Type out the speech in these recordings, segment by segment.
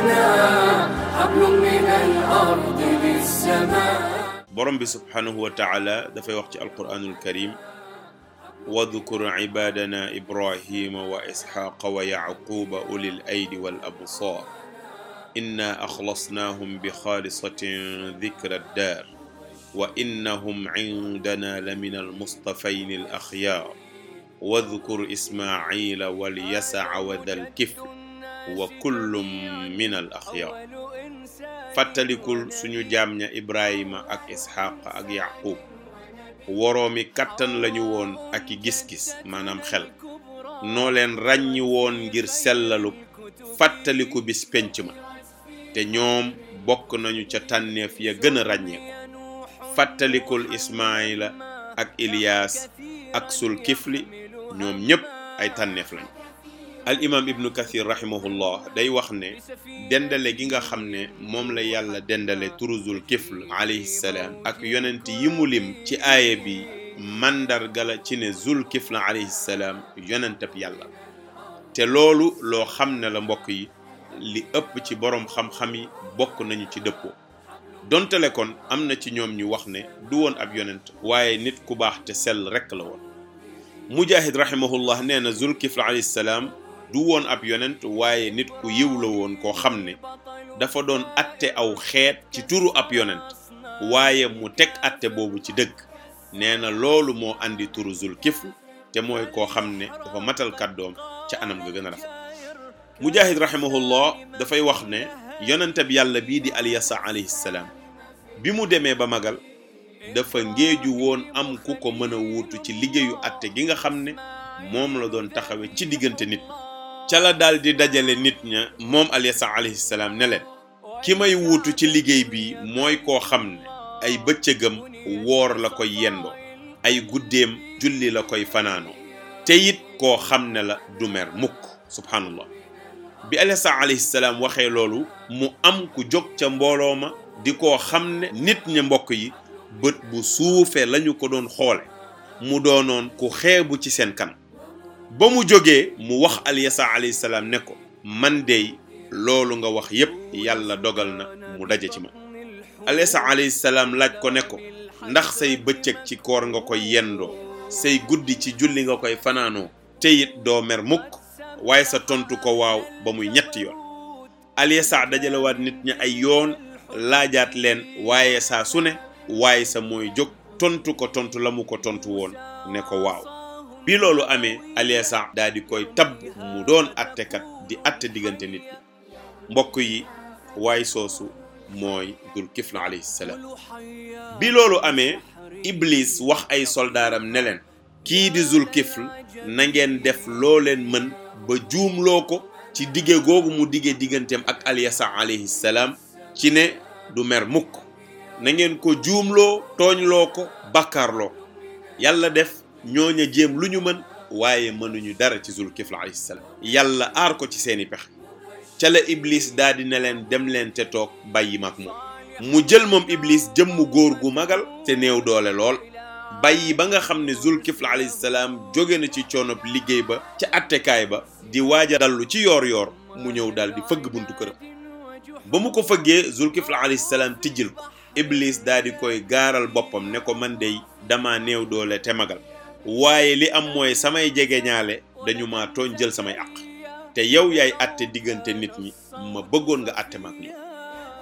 لنا حبل من الأرض للسماء borom bi subhanahu wa taala dafay wax ci alquranul karim wadkur ibadana ibrahima wa isxaaqa wa yaquba ulil aydi wal absar inna axlasnahum bi xaalisatin dikra daar wa innahum indana la min almustafayn alaxyaar wadkur ismaila walyasaa wa dal kifl wa kullum minal axyaar fàttalikul suñu jaam ña ibrahima ak isxaq ak yaqub woroomi kattan lañu woon ak i gis-gis maanaam xel noo leen ràññiwoon ngir sellalu fàttaliku bis penc ma te ñoom bokk nañu ca tànneef ya gën a ràññeeku fàttalikul ismaila ak ilias ak sulkifli ñoom ñépp ay tànneef lañu al imam ibnu kathir rahimahullah day wax ne dendale gi nga xam ne moom la yàlla dendale turuzul kifl alayhi salaam ak yonent yi mu lim ci aaya bi mandarga la ci ne zul kifl alayhi yonentab yàlla te loolu loo xam ne la mbokk yi li ëpp ci boroom xam-xam yi bokk nañu ci dëppoo dontale kon am na ci ñoom ñu wax ne du woon ab yonent waaye nit ku baax te sell rekk la woon mujahid rahimahullah nee na zul kifl alayhi du woon ab yonent waaye nit ku yiw la woon koo xam ne dafa doon atte aw xeet ci turu ab yonent waaye mu teg atte boobu ci dëkk nee na loolu moo indi turu Zulkifl te mooy koo xam ne dafa matalkat doom ca anam ga gën a rafet Mujaahid rahimahullah dafay wax ne yonente yàlla bii di Alyasa alayhi salaam bi mu demee ba magal dafa ngéeju woon am ku ko mën a wuutu ci liggéeyu atte gi nga xam ne moom la doon taxawe ci diggante nit ca la daldi dajale nit ña moom Alyasan alayhi salaam ki may wuutu ci liggéey bi mooy koo xam ne ay bëccëgam woor la koy yendoo ay guddeem julli la koy fanaanoo te it koo xam ne la du mukk subhaanallah bi Alyasan alayhi salaam waxee loolu mu am ku jóg ca mbooloo ma di koo xam ne nit ña mbokk yi bët bu suufe lañu ko doon xoole mu doonoon ku xeebu ci seen kan ba mu jógee mu wax Alyasaa alayhi salaam ne ko man dey loolu nga wax yépp yàlla dogal na mu daje ci man Alyasaa alayhi salaam laaj ko ne ko ndax say bëccëg ci koor nga koy yendoo say guddi ci julli nga koy fanaanoo teyit it doo mer mukk waaye sa tontu ko waaw ba muy ñetti yoon Alyasaa dajalewaat nit ñi ay yoon laajaat leen waaye saa su ne waaye sa mooy jóg tontu ko tontu la mu ko tontu woon ne ko waaw bi loolu amee aliasa dal di koy tabb mu doon attekat di atte diggante nit mbokk yi waay soosu mooy dul kifla alayhi bi loolu amee iblis wax ay soldaaram ne leen kii di zul kifl na ngeen def loo leen mën ba juumloo ko ci dige googu mu dige digganteem ak alyasa alayhi salaam ci ne du mer mukk na ngeen ko juumloo tooñloo ko bàkkaarloo yàlla def ñooña jéem lu ñu mën waaye mënuñu dara ci Zulkifl alayhi salaam yàlla aar ko ci seeni pex ca la Iblis daa di ne leen dem leen te toog bàyyi mag moom mu jël moom Iblis jëmm góor gu magal te néew doole lool bàyyi ba nga xam ne Zulkifl alayhi salaam jóge na ci coonob liggéey ba ca attekaay ba di waaja a dallu ci yoor-yoor mu ñëw daal di fëgg buntu këram ba mu ko fëggee Zulkifl alayhi salaam tijjil ko Iblis daa di koy gaaral boppam ne ko man dey dama néew doole te magal. waaye li am mooy samay jegeñaale dañu ma tooñ jël samay àq te yow yaay atte diggante nit ñi ma bëggoon nga atte ma ak ñoom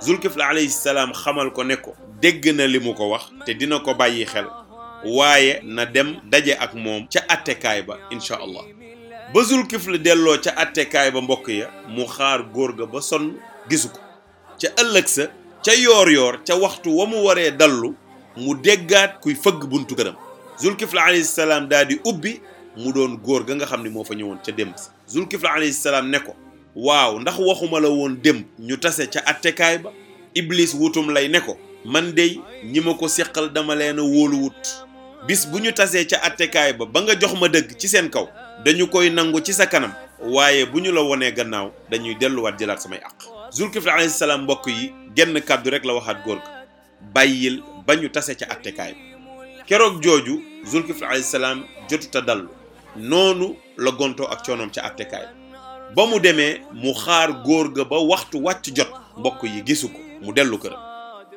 zulkifl alayhi salaam xamal ko ne ko dégg na li mu ko wax te dina ko bàyyi xel waaye na dem daje ak moom ca attekaay ba incha allah ba zulkifl delloo ca attekaay ba mbokk ya mu xaar góor ga ba sonn gisu ko ca ëllëg sa ca yoor yoor ca waxtu wa mu waree dallu mu déggaat kuy fëgg buntu këram zulkifla alayhi salaam daal di ubbi mu doon góor ga nga xam ne moo fa ñëwoon ca démb sa zulkifla alayhi salaam ne ko waaw ndax waxuma la woon démb ñu tase ca attekaay ba iblis wutum lay ne ko man dey ñi ma ko seqal dama leen a wóoluwut bis bu ñu tasee ca attekaay ba ba nga jox ma dëgg ci seen kaw dañu koy nangu ci sa kanam waaye bu ñu la wonee gannaaw dañuy delluwaat jëlaat samay àq zulkifl alayhi salaam mbokk yi genn kàddu rek la waxaat góor ga bàyyil ba ñu tase attekaay keroog jooju zulkifl alayhi salaam jotuta dallu noonu la gontoo ak coonoom ca attekaay ba mu demee mu xaar góor ga ba waxtu wàcc jot mbokk yi gisu ko mu dellu këram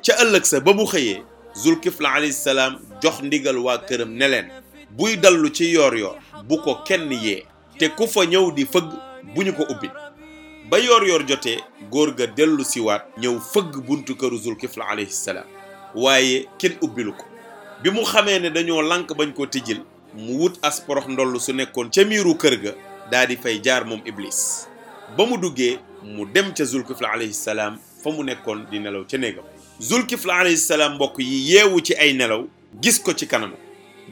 ca ëllëg sa ba mu xëyee zulkifla alayhi salaam jox ndigal waa këram ne leen buy dallu ci yoor yoor bu ko kenn yee te ku fa ñëw di fëgg bu ñu ko ubbi ba yoor yoor jotee góor ga dellu siwaat ñëw fëgg buntu këru zulkifla alayhi salaam waaye kenn ubbilu ko bi mu xamee ne dañoo lank bañ ko tijjil mu wut as ndoll su nekkoon ca miiru kër ga daa di fay jaar moom iblis ba mu duggee mu dem ca zulkifla alayhi salaam fa mu nekkoon di nelaw ca néegam zulkifla alayhi salaam mbokk yi yeewu ci ay nelaw gis ko ci kanam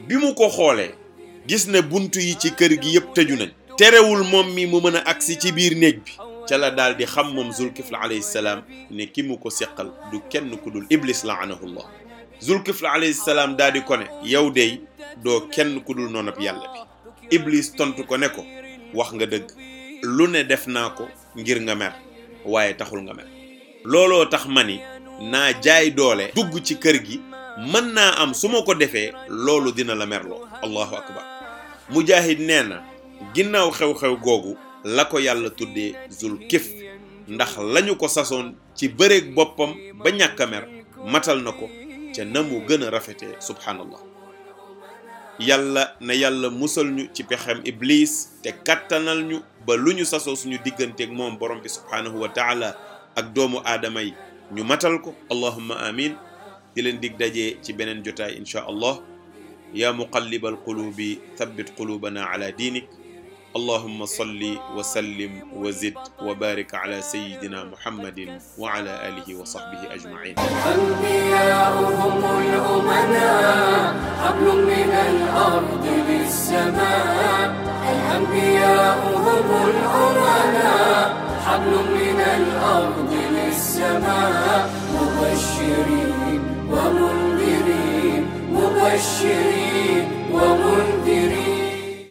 bi mu ko xoolee gis ne bunt yi ci kër gi yëpp tëju nañ terewul moom mi mu mën a agsi ci biir néeg bi ca la daal di xam moom zulkifla alayhi salaam ne ki mu ko seqal du kenn ku dul iblis laanahullah zulkifl alayhi salaam daal di ko ne yow dey doo kenn ku dul noonab yàlla bi iblis tontu ko ne ko wax nga dëgg lu ne def naa ko ngir nga mer waaye taxul nga mer looloo tax ma ni naa jaay doole dugg ci kër gi mën naa am su ma ko defee loolu dina la merloo allahu akbar mujahid nee na ginnaaw xew-xew googu la ko yàlla tuddee zulkif ndax lañu ko sasoon ci bëreeg boppam ba ñàkk a mer matal na ko ca na mu gën a rafetee subhaanallah yàlla na yàlla musal ñu ci pexem iblis te kattanal ñu ba lu ñu sasoo suñu digganteeg moom borom bi subhaanahu wa taala ak doomu aadama yi ñu matal ko allahumma amin di leen dig dajee ci beneen jotaay inchaa allah yaa muqallibal qulubi thabbit qulubana ala diinik allahuma salli wa sallim wa zid wa barik ala sayidina muhammadin wa ala alihi wa sahbihi ajmain anbiyauhum lumana hablum min alardi lissama anbiyauhum lumana hablum min alardi lissama mubashirin wa mundirin mubashirin